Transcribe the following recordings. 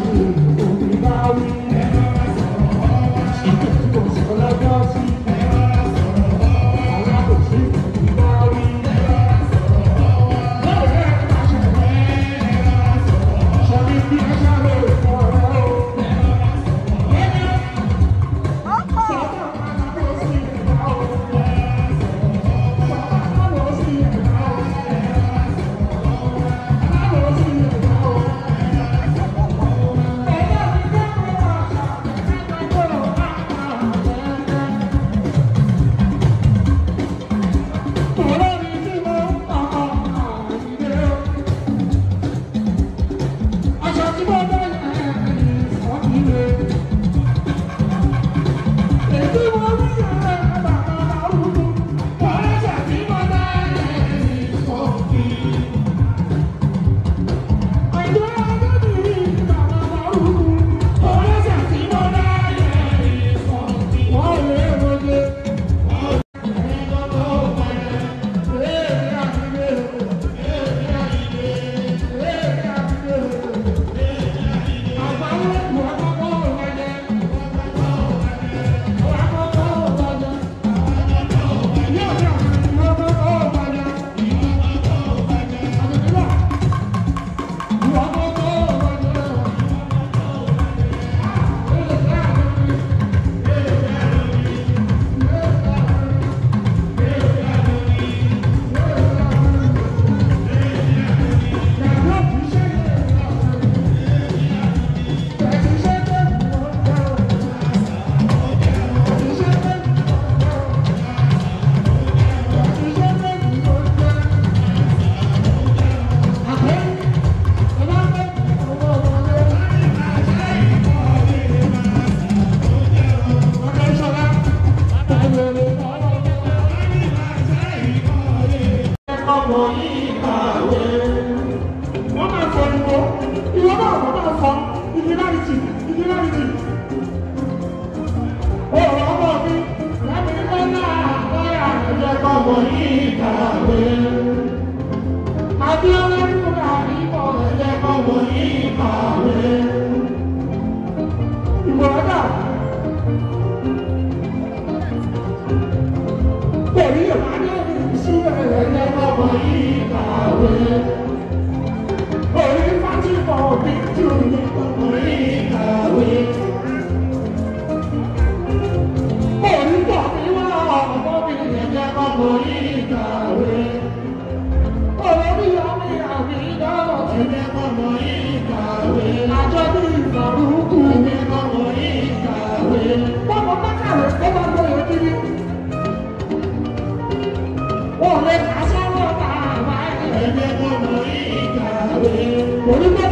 can do. 对吗 Abiola Kura ni mo ẹ̀jẹ̀ kọ́ wọ̀nyí máa. kiri wọn kò bá kàwé ó bá gbóyè kiri wọn ò lè kà sọ́wọ́ bá wà ní ẹ̀yẹ́ wọn lórí ìkàwé.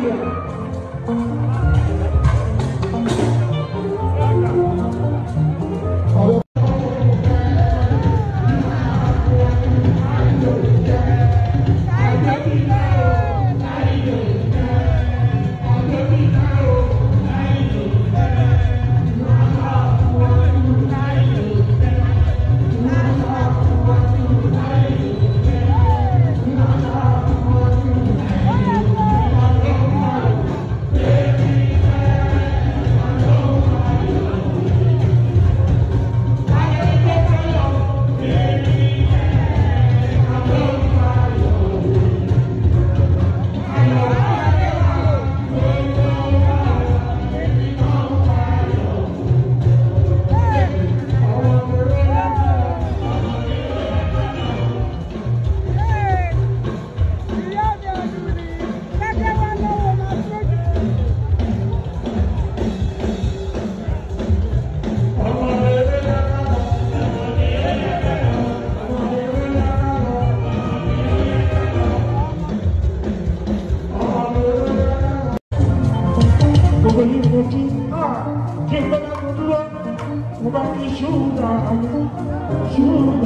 Thank you.